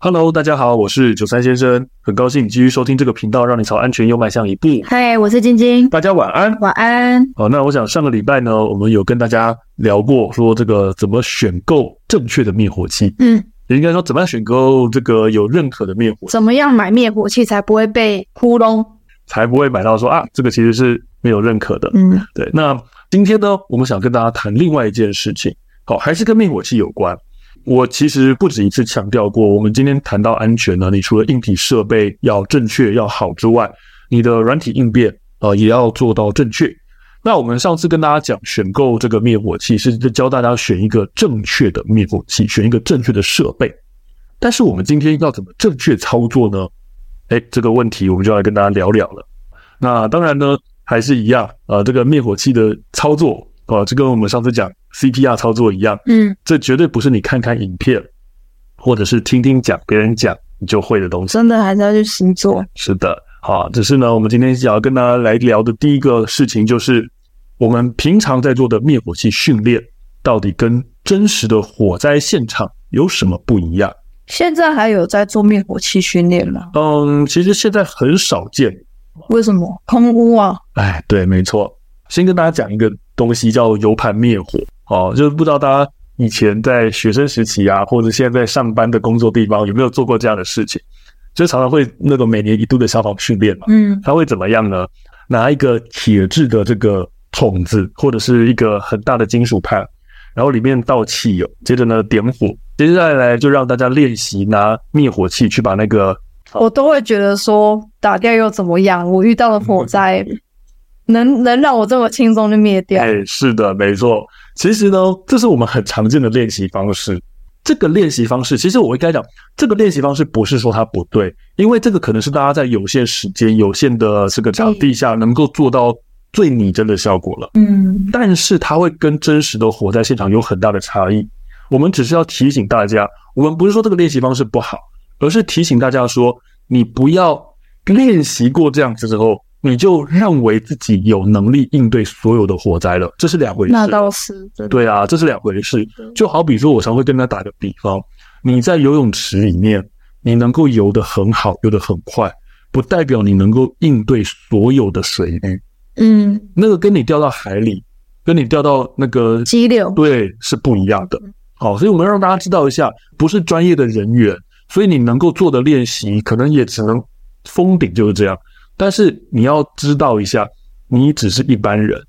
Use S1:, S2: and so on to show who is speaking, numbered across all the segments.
S1: 哈嘍，大家好，我是九三先生，很高興你繼續收聽這個頻道，讓你朝安全又邁向一步。
S2: 嗨，我是晶晶，
S1: 大家晚安，
S2: 晚安。
S1: 好，那我想上個禮拜呢，我們有跟大家聊過，說這個怎麼選購正確的滅火器。嗯，也應該說怎麼樣選購這個有認可的滅火器。
S2: 怎麼樣買滅火器才不會被糊弄，
S1: 才不會買到說啊，這個其實是沒有認可的。嗯，對。那今天呢，我們想跟大家談另外一件事情，好，還是跟滅火器有關。我其實不止一次強調過，我們今天談到安全呢，你除了硬體設備要正確要好之外，你的軟體應變啊、呃、也要做到正確。那我們上次跟大家講，選購這個滅火器是教大家選一個正確的滅火器，選一個正確的設備。但是我們今天要怎麼正確操作呢？誒，這個問題我們就來跟大家聊聊了。那當然呢，還是一樣啊、呃，這個滅火器的操作。哦，這跟我們上次講 CPR 操作一樣，嗯，這絕對不是你看看影片，或者是聽聽講別人講你就會的東西，真的還是要去實做。是的，好，哦，只是呢，我們今天想要跟大家來聊的第一個事情，就是我們平常在做的滅火器訓練，到底跟真實的火災現場有什麼不一樣？
S2: 現在還有在做滅火器訓練嗎？
S1: 嗯，其實現在很少見，
S2: 為什麼？空屋啊？
S1: 哎，對，沒錯，先跟大家講一個。東西叫油盤滅火，哦，就是不知道大家以前在學生時期啊，或者現在在上班的工作地方有沒有做過這樣的事情？就常常會那個每年一度的消防訓練嘛，嗯，他會怎麼樣呢？拿一個鐵製的這個桶子，或者是一個很大的金屬盤，然後裡面倒汽油，接着呢點火，接下來就讓大家練習拿滅火器去把那個……我
S2: 都會覺得說打掉又怎麼樣？我遇到了火災。 能能讓我這麼輕鬆就滅掉？
S1: 哎，是的，沒錯。其實呢，這是我們很常見的練習方式。這個練習方式，其實我應該講，這個練習方式不是說它不對，因為這個可能是大家在有限時間、有限的這個場地下，能夠做到最擬真的效果了。嗯，但是它會跟真實的火災現場有很大的差異。我們只是要提醒大家，我們不是說這個練習方式不好，而是提醒大家說，你不要練習過這樣子之後。你就認為自己有能力應對所有的火災了？這是兩回事。那倒是對,對啊，這是兩回事。就好比說，我常會跟他打個比方：你在游泳池裡面，你能夠游得很好，游得很快，不代表你能夠應對所有的水域。
S2: 嗯，
S1: 那個跟你掉到海裡，跟你掉到那個激流，對，是不一樣的。好，所以我們讓大家知道一下，不是專業的人員，所以你能夠做的練習，可能也只能封頂，就是這樣。但是你要知道一下，你只是一般人，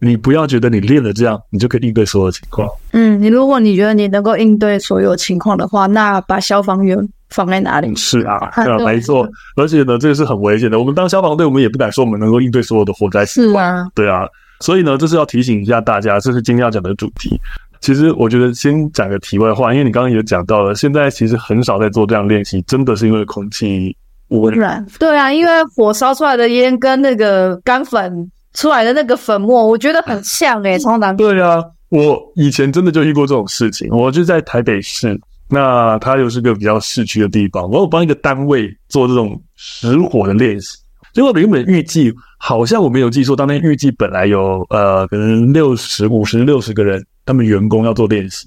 S1: 你不要覺得你練了這樣，你就可以應對所有的情況。
S2: 嗯，你如果你覺得你能夠應對所有情況的話，那把消防員放在哪裡？
S1: 是啊，啊對啊，對沒錯。而且呢，這個是很危險的。我們當消防隊，我們也不敢說我們能夠應對所有的火災情況。是啊，對啊。所以呢，這是要提醒一下大家，這是今天要講的主題。其實我覺得先講個題外話，因為你剛剛也講到了，現在其實很少在做這樣練習，真的是因為空氣。污
S2: 染，啊、對啊，因為火燒出來的煙跟那個乾粉出來的那個粉末，我覺得很像欸，從南難。對啊，
S1: 我以前真的就遇過這種事情，我就在台北市，那它又是個比較市區的地方，我有幫一個單位做這種實火的練習，結果原本預計，好像我沒有記錯，當天預計本來有呃可能六十五十六十個人，他們員工要做練習，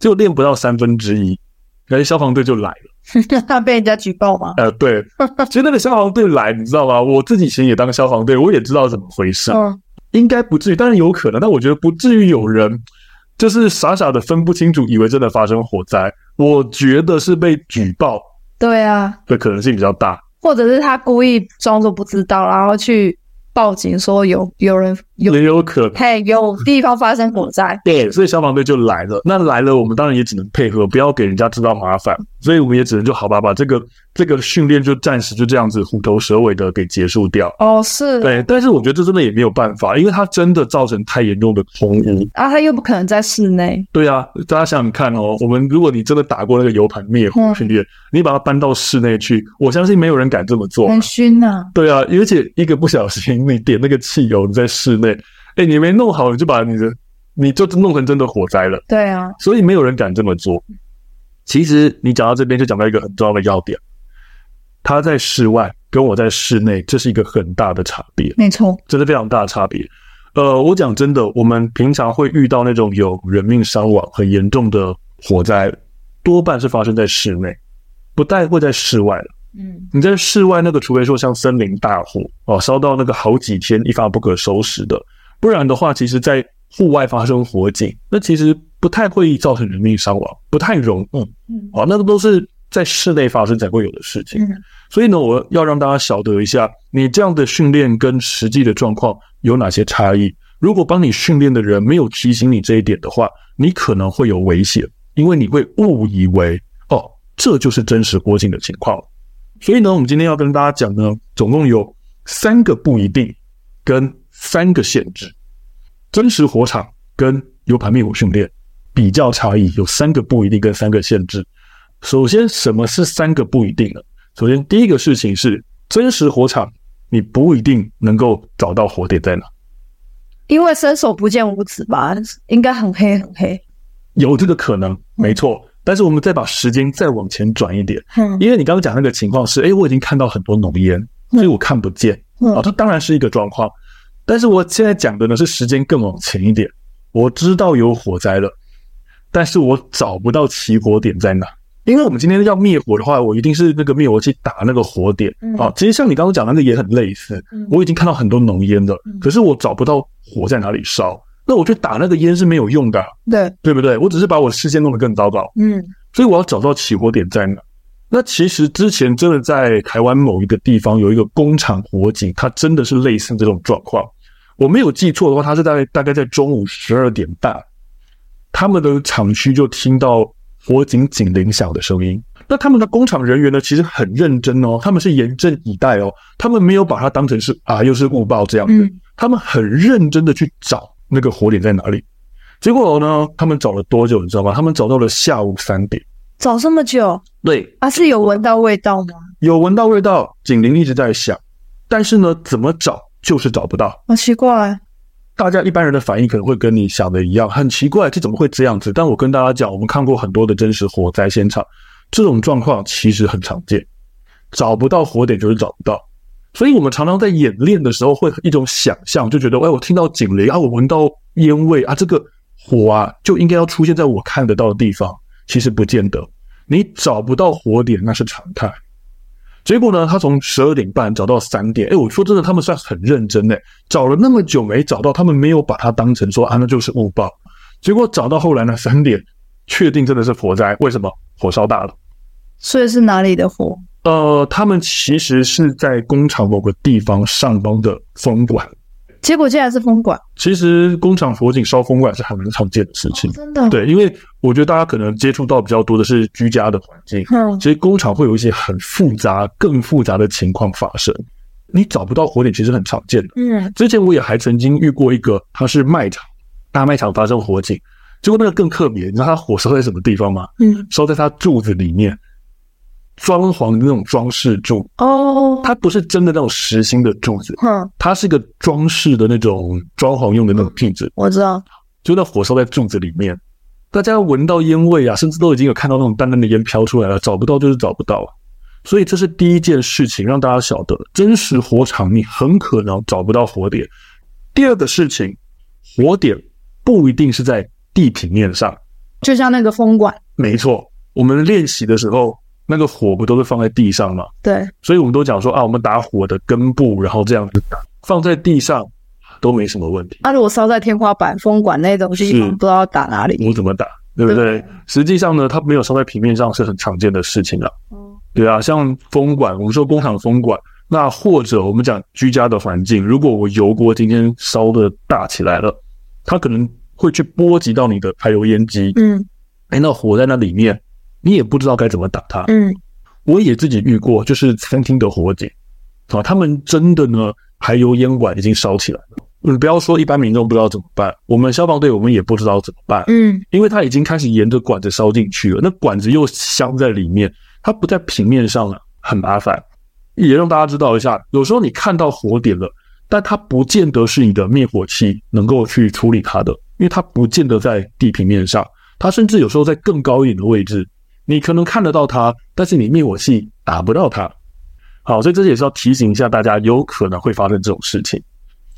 S1: 結果練不到三分之一，感覺消防隊就來了。
S2: 他 被人家舉報嗎？
S1: 呃，對，其實那個消防隊來，你知道嗎？我自己以前也當消防隊，我也知道怎麼回事。嗯，應該不至於，當然有可能。但我覺得不至於有人就是傻傻的分不清楚，以為真的發生火災。我覺得是被舉報。
S2: 對啊，
S1: 的可能性比較大。啊、
S2: 或者是他故意裝作不知道，然後去報警說有有人
S1: 有也有可能。嘿、
S2: hey，有地方發生火災。 對，
S1: 所以消防隊就來了。那來了，我們當然也只能配合，不要給人家製造麻煩。所以我們也只能就好吧，把這個這個訓練就暫時就這樣子虎頭蛇尾的給結束掉。哦，是。對，但是我覺得這真的也沒有辦法，因為它真的造成太嚴重的空污。
S2: 啊，它又不可能在室內。
S1: 對啊，大家想想看哦，我們如果你真的打過那個油盤滅火訓練，你把它搬到室內去，我相信沒有人敢這麼做，很燻吶、啊。對啊，而且一個不小心，你點那個汽油你在室內，哎、欸，你沒弄好，你就把你的你就弄成真的火災了。對啊，所以沒有人敢這麼做。其實你講到這邊就講到一個很重要的要點，他在室外跟我在室內，這是一個很大的差別。沒錯，真的非常大的差別。呃，我講真的，我們平常會遇到那種有人命傷亡很嚴重的火災，多半是發生在室內，不太會在室外。嗯，你在室外那個，除非說像森林大火哦、啊，燒到那個好幾天一發不可收拾的，不然的話，其實在戶外發生火警，那其實。不太會造成人命傷亡，不太容易，嗯，好，那個都是在室內發生才會有的事情。嗯，所以呢，我要讓大家曉得一下，你這樣的訓練跟實際的狀況有哪些差異。如果幫你訓練的人沒有提醒你這一點的話，你可能會有危險，因為你會誤以為哦，這就是真實火警的情況。所以呢，我們今天要跟大家講呢，總共有三個不一定跟三個限制，真實火場跟油盤滅火訓練。比較差異有三個不一定跟三個限制。首先，什麼是三個不一定呢？首先，第一個事情是真實火場，你不一定能夠找到火點在哪，
S2: 因為伸手不見五指吧，應該很黑很黑，
S1: 有這個可能，沒錯、嗯。但是我們再把時間再往前轉一點、嗯，因為你剛剛講那個情況是，哎、欸，我已經看到很多濃煙，所以我看不見、嗯嗯、啊，這當然是一個狀況。但是我現在講的呢是時間更往前一點，我知道有火災了。但是我找不到起火點在哪，因為我們今天要滅火的話，我一定是那個滅火器打那個火點啊。其實像你剛剛講的那個也很類似，我已經看到很多濃煙了，可是我找不到火在哪裡燒，那我就打那個煙是沒有用的，對，對不對？我只是把我的視線弄得更糟糕。嗯，所以我要找到起火點在哪。那其實之前真的在台灣某一個地方有一個工廠火警，它真的是類似這種狀況。我沒有記錯的話，它是大概大概在中午十二點半。他們的廠區就聽到火警警鈴響的聲音。那他們的工廠人員呢？其實很認真哦，他們是嚴陣以待哦，他們沒有把它當成是啊又是誤報這樣子，嗯。他們很認真的去找那個火點在哪裡。結果呢，他們找了多久？你知道嗎？他們找到了下午三點。
S2: 找這麼久？對啊，是有聞到味道嗎？
S1: 有聞到味道，警鈴一直在響，但是呢，怎麼找就是找不到，好、哦、奇怪、欸。大家一般人的反應可能會跟你想的一樣，很奇怪，這怎麼會這樣子？但我跟大家講，我們看過很多的真實火災現場，這種狀況其實很常見，找不到火點就是找不到。所以我們常常在演練的時候會有一種想象，就覺得，哎，我聽到警鈴啊，我聞到煙味啊，這個火啊就應該要出現在我看得到的地方，其實不見得，你找不到火點那是常態。結果呢？他從十二點半找到三點，哎，我說真的，他們算很認真嘞，找了那麼久沒找到，他們沒有把它當成說啊，那就是誤報。結果找到後來呢三點，確定真的是火災。為什麼火燒大了？
S2: 所以是哪裡的火？
S1: 呃，他們其實是在工廠某個地方上方的風管。
S2: 結果竟然是風管。
S1: 其實工廠火警燒風管是很常見的事情，哦，真的。對，因為我覺得大家可能接觸到比較多的是居家的環境，嗯，其實工廠會有一些很複雜、更複雜的情況發生。你找不到火點其實很常見的。嗯，之前我也還曾經遇過一個，他是賣場，大賣場發生火警，結果那個更特別，你知道他火燒在什麼地方嗎？嗯，燒在他柱子裡面。裝潢的那種裝飾柱哦，oh, 它不是真的那種實心的柱子，嗯，它是一個裝飾的那種裝潢用的那種柱子，嗯。我知道，就那火燒在柱子裡面，大家聞到煙味啊，甚至都已經有看到那種淡淡的煙飄出來了，找不到就是找不到。所以這是第一件事情，讓大家曉得，真實火場你很可能找不到火點。第二個事情，火點不一定是在地平面上，
S2: 就像那個風管。
S1: 沒錯，我們練習的時候。那個火不都是放在地上嗎？對，所以我們都講說啊，我們打火的根部，然後這樣子打，放在地上都沒什麼問題。
S2: 啊，如果燒在天花板、風管那些東西，不知道要打
S1: 哪裡，我怎麼打，對不對？對，實際上呢，它沒有燒在平面上是很常見的事情啊、嗯。對啊，像風管，我們說工廠風管，那或者我們講居家的環境，如果我油鍋今天燒得大起來了，它可能會去波及到你的排油煙機。
S2: 嗯，
S1: 哎、欸，那火在那裡面。你也不知道該怎麼打它，嗯，我也自己遇過，就是餐廳的火點，啊，他們真的呢，排油煙管已經燒起來了。嗯，不要說一般民眾不知道怎麼辦，我們消防隊我們也不知道怎麼辦，嗯，因為它已經開始沿着管子燒進去了，那管子又鑲在裡面，它不在平面上了，很麻煩。也讓大家知道一下，有時候你看到火點了，但它不見得是你的滅火器能夠去處理它的，因為它不見得在地平面上，它甚至有時候在更高一點的位置。你可能看得到它，但是你滅火器打不到它。好，所以這也是要提醒一下大家，有可能會發生這種事情。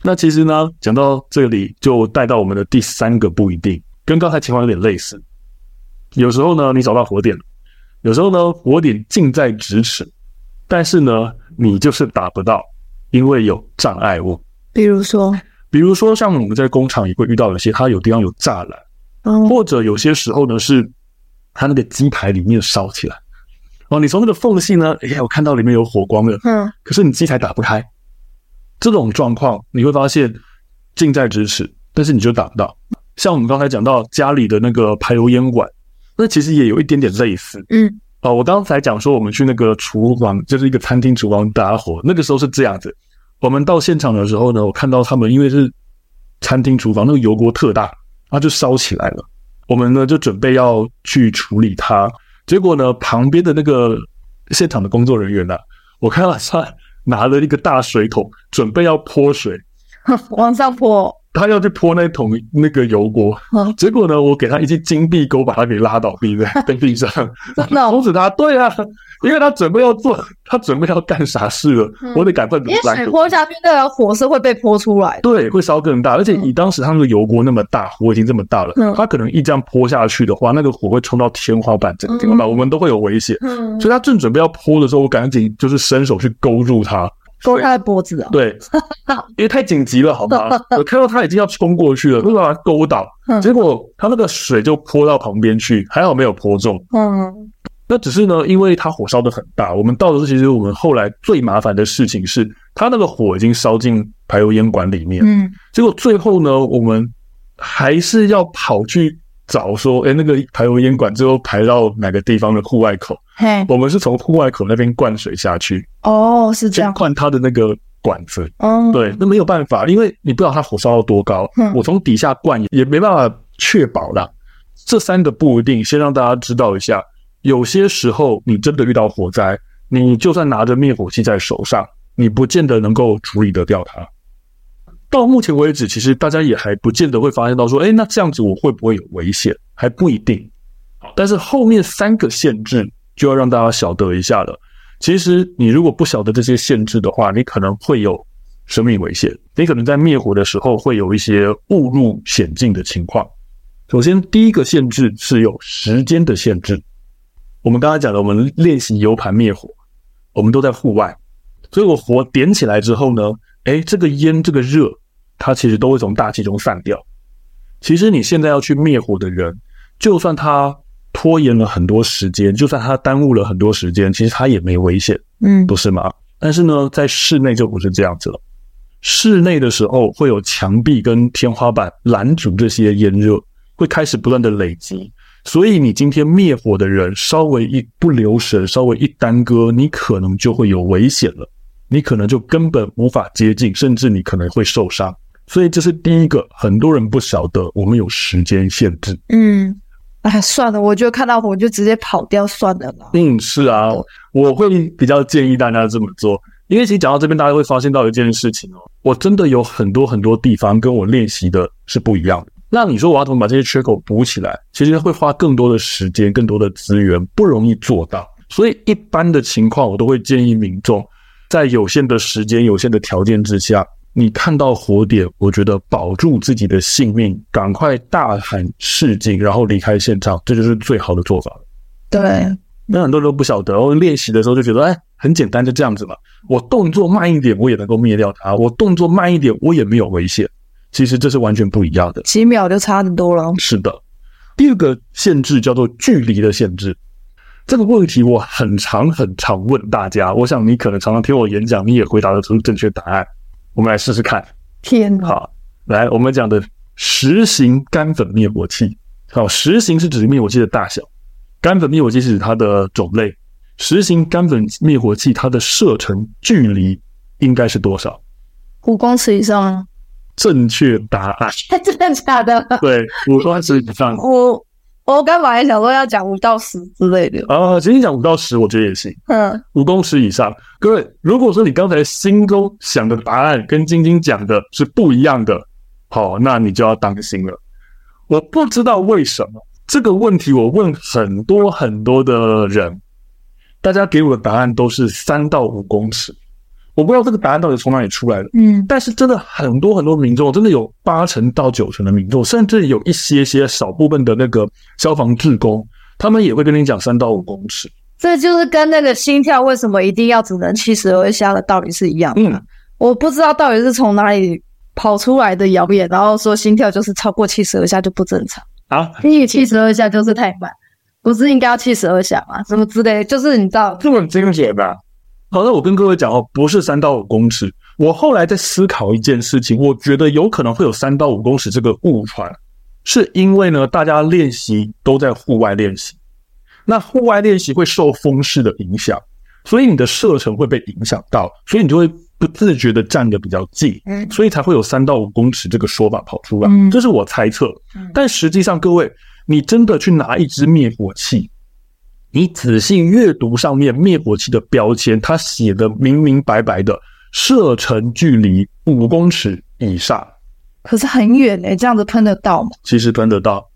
S1: 那其實呢，講到這裡就帶到我們的第三個不一定，跟剛才情況有點類似。有時候呢，你找到火點，有時候呢，火點近在咫尺，但是呢，你就是打不到，因為有障礙物。比如說，比如說像我們在工廠也會遇到一些，它有地方有柵欄、嗯，或者有些時候呢是。它那個雞排裡面燒起來哦，你從那個縫隙呢，哎呀，我看到裡面有火光了。嗯，可是你雞排打不開，這種狀況你會發現近在咫尺，但是你就打不到。像我們剛才講到家裡的那個排油煙管，那其實也有一點點類似。嗯，哦，我剛才講說我們去那個廚房，就是一個餐廳廚房打火，那個時候是這樣子。我們到現場的時候呢，我看到他們因為是餐廳廚房，那個油鍋特大，它就燒起來了。我們呢，就準備要去處理它，結果呢，旁邊的那個現場的工作人員呢、啊，我看到他拿了一個大水桶，準備要潑水， 往上潑。他要去潑那桶那個油鍋，嗯，結果呢，我給他一記金臂勾，把他給拉倒地上，在地上。那，的，公他，對啊，因為他準備要做，他準備要幹啥事了，嗯、我得趕快阻止。你潑下
S2: 去，那個火是會被潑出來
S1: 的，對，會燒更大。而且以當時他那個油鍋那麼大，火已經這麼大了，嗯、他可能一這樣潑下去的話，那個火會衝到天花板，這個天花板我們都會有危險，嗯嗯。所以，他正準備要潑的時候，我趕緊就是伸手去勾住他。
S2: 勾他的脖子啊、哦！對，
S1: 因為太緊急了，好嗎？我 看到他已經要衝過去了，我把他勾倒，結果他那個水就潑到旁邊去，還好沒有潑中。嗯，那只是呢，因為他火燒得很大，我們到的時候，其實我們後來最麻煩的事情是，他那個火已經燒進排油煙管裡面。嗯，結果最後呢，我們還是要跑去。找說，誒、欸、那個排油煙管最後排到哪個地方的戶外口？嘿、hey.，我們是從戶外口那邊灌水下去。哦、oh,，是這樣，灌它的那個管子。哦、oh.，對，那沒有辦法，因為你不知道它火燒到多高。嗯，我從底下灌也沒辦法確保啦。這三個不一定，先讓大家知道一下。有些時候你真的遇到火災，你就算拿着滅火器在手上，你不見得能夠處理得掉它。到目前為止，其實大家也還不見得會發現到說，哎、欸，那這樣子我會不會有危險還不一定。但是後面三個限制就要讓大家曉得一下了。其實你如果不曉得這些限制的話，你可能會有生命危險，你可能在滅火的時候會有一些誤入險境的情況。首先，第一個限制是有時間的限制。我們剛才講的，我們練習油盤滅火，我們都在戶外，所以我火點起來之後呢，哎、欸，這個煙，這個熱。它其實都會從大氣中散掉。其實你現在要去滅火的人，就算他拖延了很多時間，就算他耽誤了很多時間，其實他也沒危險，嗯，不是嗎？但是呢，在室內就不是這樣子了。室內的時候會有牆壁跟天花板攔阻這些煙熱，會開始不斷的累積。所以你今天滅火的人稍微一不留神，稍微一耽擱，你可能就會有危險了。你可能就根本無法接近，甚至你可能會受傷。所以這是第一個，很多人不曉得我們有時間限制。
S2: 嗯，哎，算了，我就看到火就直接跑掉算了。
S1: 嗯，是啊，我會比較建議大家這麼做，嗯，因為其實講到這邊，大家會發現到一件事情哦，我真的有很多很多地方跟我練習的是不一樣的。那你說我要怎麼把這些缺口補起來？其實會花更多的時間、更多的資源，不容易做到。所以一般的情況，我都會建議民眾在有限的時間、有限的條件之下。你看到火點，我覺得保住自己的性命，趕快大喊示警，然後離開現場，這就是最好的做法。對，那很多人都不曉得，我練習的時候就覺得，哎，很簡單，就這樣子嘛。我動作慢一點，我也能夠滅掉它；我動作慢一點，我也沒有危險。其實這是完全不一樣的，幾秒就差得多了。是的，第二個限制叫做距離的限制。這個問題我很常很常問大家，我想你可能常常聽我演講，你也回答得出正確答案。我們來試試看，天哪，好，來，我們講的十型干粉滅火器，好，十型是指滅火器的大小，乾粉滅火器是指它的種類，十型乾粉滅火器它的射程距離應該是多少？
S2: 五公尺以上。
S1: 正確答案，
S2: 真的假的？
S1: 對，五公尺以上。五
S2: 我幹嘛還想說要講五到十之類的
S1: 啊？呃，晶晶講五到十，我覺得也行。嗯，五公尺以上，各位，如果說你剛才心中想的答案跟晶晶講的是不一樣的，好，那你就要當心了。我不知道為什麼，這個問題我問很多很多的人，大家給我的答案都是三到五公尺。我不知道這個答案到底從哪裡出來的，嗯，但是真的很多很多民眾，真的有八成到九成的民眾，甚至有一些些少部分的那個消防志工，他們也會跟你講三到五公尺，
S2: 這就是跟那個心跳為什麼一定要只能七十二下的道理是一樣的，嗯，我不知道到底是從哪裡跑出來的謠言，然後說心跳就是超過七十二下就不正常，啊，你七十二下就是太慢，不是應該要七十二下嗎？什麼之類，就是你知道，
S1: 就很糾結。吧。好的，那我跟各位講哦，不是三到五公尺。我後來在思考一件事情，我覺得有可能會有三到五公尺這個誤傳，是因為呢，大家練習都在戶外練習，那戶外練習會受風勢的影響，所以你的射程會被影響到，所以你就會不自覺的站得比較近，所以才會有三到五公尺這個說法跑出來，這是我猜測。但實際上，各位，你真的去拿一支滅火器。你仔細閱讀上面滅火器的標籤，它寫的明明白白的，射程距離五公尺以上，
S2: 可是很遠誒，這樣子噴得到嗎？
S1: 其實噴得到，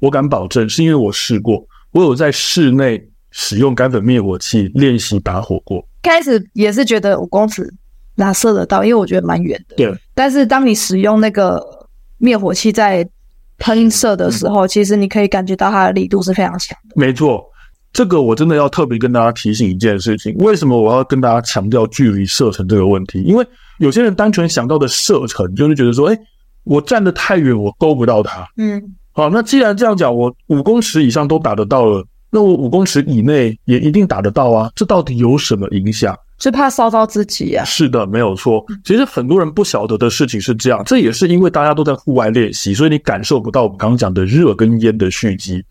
S1: 我敢保證，是因為我試過，我有在室內使用乾粉滅火器練習打火過。
S2: 開始也是覺得五公尺哪射得到，因為我覺得蠻遠的。對。但是當你使用那個滅火器在噴射的時候，嗯、其實你可以感覺到它的力度是非常強
S1: 的。沒錯。這個我真的要特別跟大家提醒一件事情，為什麼我要跟大家強調距離射程這個問題？因為有些人單純想到的射程，就是覺得說，哎，我站得太遠，我勾不到它。嗯，好，那既然這樣講，我五公尺以上都打得到了，那我五公尺以內也一定打得到啊？這到底有什麼影響？
S2: 是怕燒到自己呀？
S1: 啊？是的，沒有錯。其實很多人不曉得的事情是這樣，這也是因為大家都在戶外練習，所以你感受不到我們剛剛講的熱跟煙的蓄積。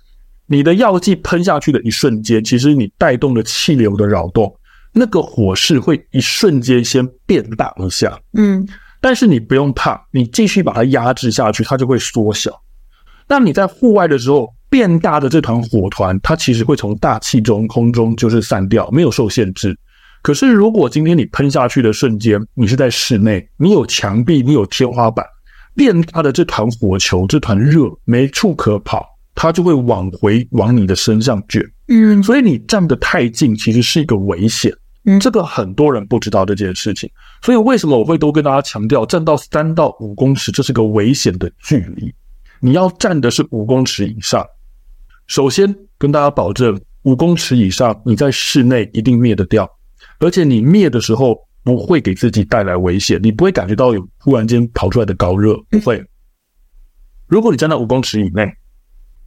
S1: 你的藥劑噴下去的一瞬間，其實你帶動了氣流的擾動，那個火勢會一瞬間先變大一下。嗯，但是你不用怕，你繼續把它壓制下去，它就會縮小。那你在戶外的時候，變大的這團火團，它其實會從大氣中、空中就是散掉，沒有受限制。可是如果今天你噴下去的瞬間，你是在室內，你有牆壁，你有天花板，變大的這團火球、這團熱沒處可跑。它就會往回往你的身上捲，嗯，所以你站得太近，其實是一個危險，嗯，這個很多人不知道這件事情，所以為什麼我會多跟大家強調，站到三到五公尺，這是個危險的距離，你要站的是五公尺以上。首先跟大家保證，五公尺以上，你在室內一定滅得掉，而且你滅的時候不會給自己帶來危險，你不會感覺到有忽然間跑出來的高熱，不會。如果你站在五公尺以內，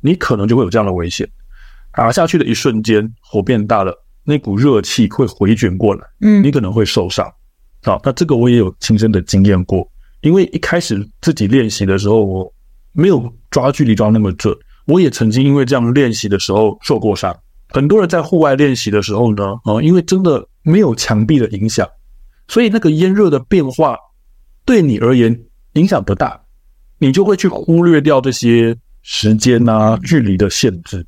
S1: 你可能就會有這樣的危險，打下去的一瞬間，火變大了，那股熱氣會回捲過來，嗯，你可能會受傷。好、嗯哦，那這個我也有親身的經驗過，因為一開始自己練習的時候，我沒有抓距離抓那麼準，我也曾經因為這樣練習的時候受過傷。很多人在戶外練習的時候呢，啊、呃，因為真的沒有牆壁的影響，所以那個煙熱的變化對你而言影響不大，你就會去忽略掉這些。時間吶、啊，距離的限制，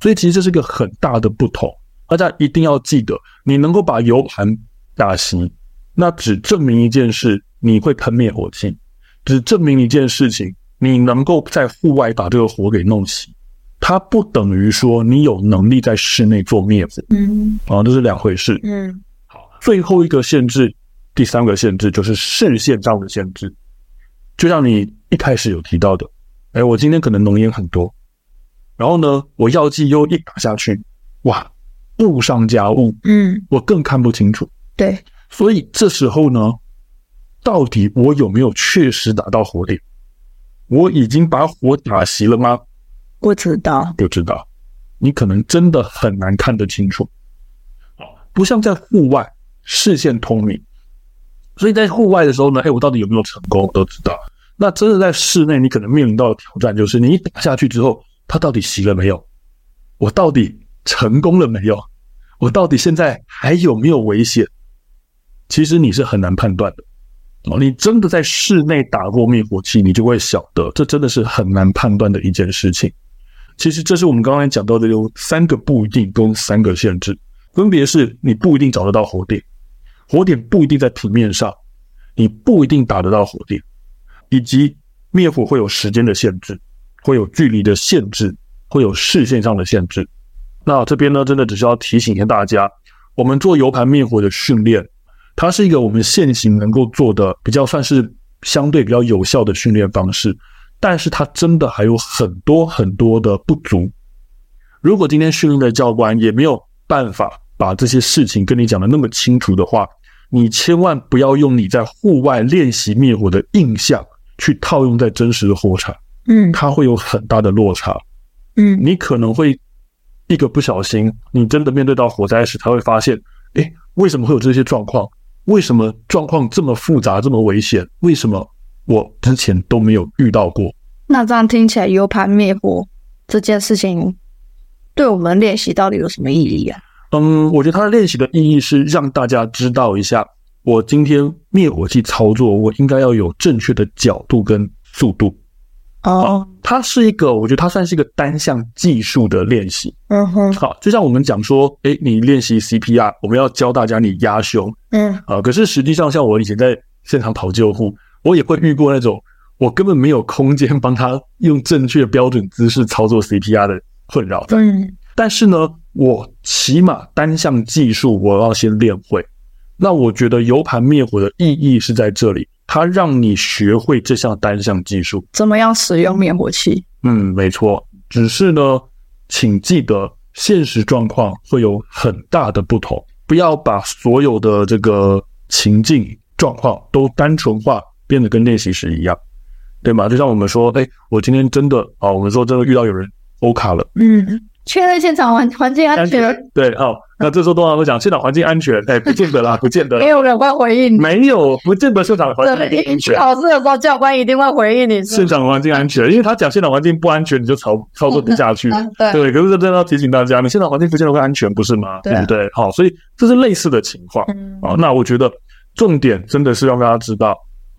S1: 所以其實這是一個很大的不同。大家一定要記得，你能夠把油盤打熄，那只證明一件事：你會噴滅火器，只證明一件事情，你能夠在戶外把這個火給弄熄。它不等於說你有能力在室內做滅火。嗯、mm -hmm.，啊，這是兩回事。嗯，好，最後一個限制，第三個限制就是視線上的限制，就像你一開始有提到的。哎，我今天可能濃煙很多，然後呢，我藥劑又一打下去，哇，霧上加霧，嗯，我更看不清楚。對，所以這時候呢，到底我有沒有確實打到火點？我已經把火打熄了嗎？不知道，不知道。你可能真的很難看得清楚。不像在戶外，視線通明，所以在戶外的時候呢，哎，我到底有沒有成功，我都知道。那真的在室內，你可能面臨到的挑戰就是，你一打下去之後，它到底熄了沒有？我到底成功了沒有？我到底現在還有沒有危險？其實你是很難判斷的。哦，你真的在室內打過滅火器，你就會曉得，這真的是很難判斷的一件事情。其實這是我們剛才講到的有三個不一定跟三個限制，分別是你不一定找得到火點，火點不一定在平面上，你不一定打得到火點。以及滅火會有時間的限制，會有距離的限制，會有視線上的限制。那這邊呢，真的只需要提醒一下大家，我們做油盤滅火的訓練，它是一個我們現行能夠做的比較算是相對比較有效的訓練方式，但是它真的還有很多很多的不足。如果今天訓練的教官也沒有辦法把這些事情跟你講得那麼清楚的話，你千萬不要用你在戶外練習滅火的印象，去套用在真實的火場，嗯，它會有很大的落差，嗯，你可能會一個不小心，你真的面對到火災時，才會發現，誒，為什麼會有這些狀況？為什麼狀況這麼複雜、這麼危險？為什麼我之前都沒有遇到過？
S2: 那這樣聽起來，油盤滅火這件事情，對我們練習到底有什麼意義啊？
S1: 嗯，我覺得它的練習的意義是讓大家知道一下。我今天滅火器操作，我應該要有正確的角度跟速度啊！Oh. 它是一個，我覺得它算是一個單項技術的練習。嗯哼，好，就像我們講說，誒，你練習 CPR，我們要教大家你壓胸，嗯、uh -huh. 啊，可是實際上，像我以前在現場跑救護，我也會遇過那種我根本沒有空間幫他用正確標準姿勢操作 CPR 的困擾。嗯、uh -huh.，但是呢，我起碼單項技術，我要先練會。那我覺得油盤滅火的意義是在這裡，它讓你學會這項單項技術，怎麼樣使用滅火器？嗯，沒錯。只是呢，請記得現實狀況會有很大的不同，不要把所有的這個情境狀況都單純化，變得跟練習時一樣，對嗎？就像我們說，哎，我今天真的啊、哦，我們說真的遇到有人歐卡了。
S2: 嗯。確認現場
S1: 環環境安全，安全，對，好，那這時候多少會講，現場環境安全，哎、 欸，不見得啦，不見得， 沒有
S2: 人會回應，
S1: 沒有不見得現場的環境安全。 考
S2: 試的時候，教官一定會回應你，現
S1: 場環境安全， 因為他講現場環境不安全，你就操操作不下去、 嗯啊對，對。可是這真的要提醒大家，你現場環境不見得會安全，不是嗎？對不對？好，所以這是類似的情況、嗯、啊。那我覺得重點真的是讓大家知道，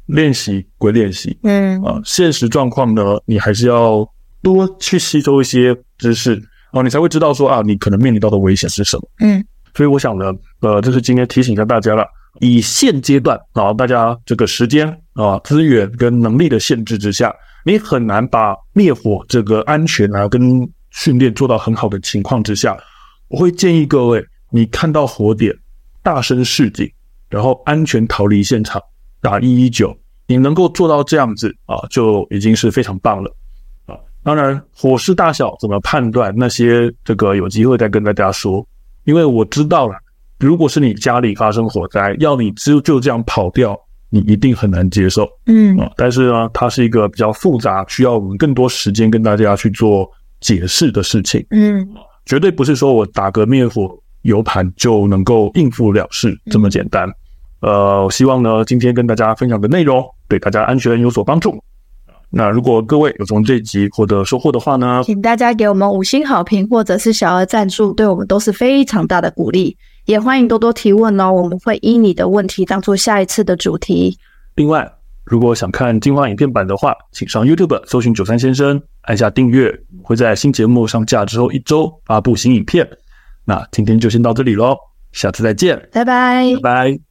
S1: 練習歸練習，嗯啊，現實狀況呢，你還是要多去吸收一些知識。哦，你才會知道說，啊，你可能面臨到的危險是什麼。嗯，所以我想呢，呃，就是今天提醒一下大家了。以現階段啊，然後大家這個時間啊、資源跟能力的限制之下，你很難把滅火這個安全啊跟訓練做到很好的情況之下。我會建議各位，你看到火點，大聲示警，然後安全逃離現場，打一一九。你能夠做到這樣子啊，就已經是非常棒了。當然，火勢大小怎麼判斷？那些這個有機會再跟大家說，因為我知道了，如果是你家裡發生火災，要你就就這樣跑掉，你一定很難接受，呃。嗯。但是呢，它是一個比較複雜，需要我們更多時間跟大家去做解釋的事情。嗯，絕對不是說我打個滅火油盤就能夠應付了事這麼簡單。呃，我希望呢，今天跟大家分享的內容對大家安全有所幫助。那如果各位有從這集獲得收穫的話呢，請
S2: 大家給我們五星好評或者是小額贊助，對我們都是非常大的鼓勵。也歡迎多多提問哦，我們會依你的問題當做下一次的主題。
S1: 另外，如果想看精華影片版的話，請上 YouTube 搜尋九三先生，按下訂閱，會在新節目上架之後一周發布新影片。那今天就先到這裡嘍，下次再見，拜拜，拜，拜。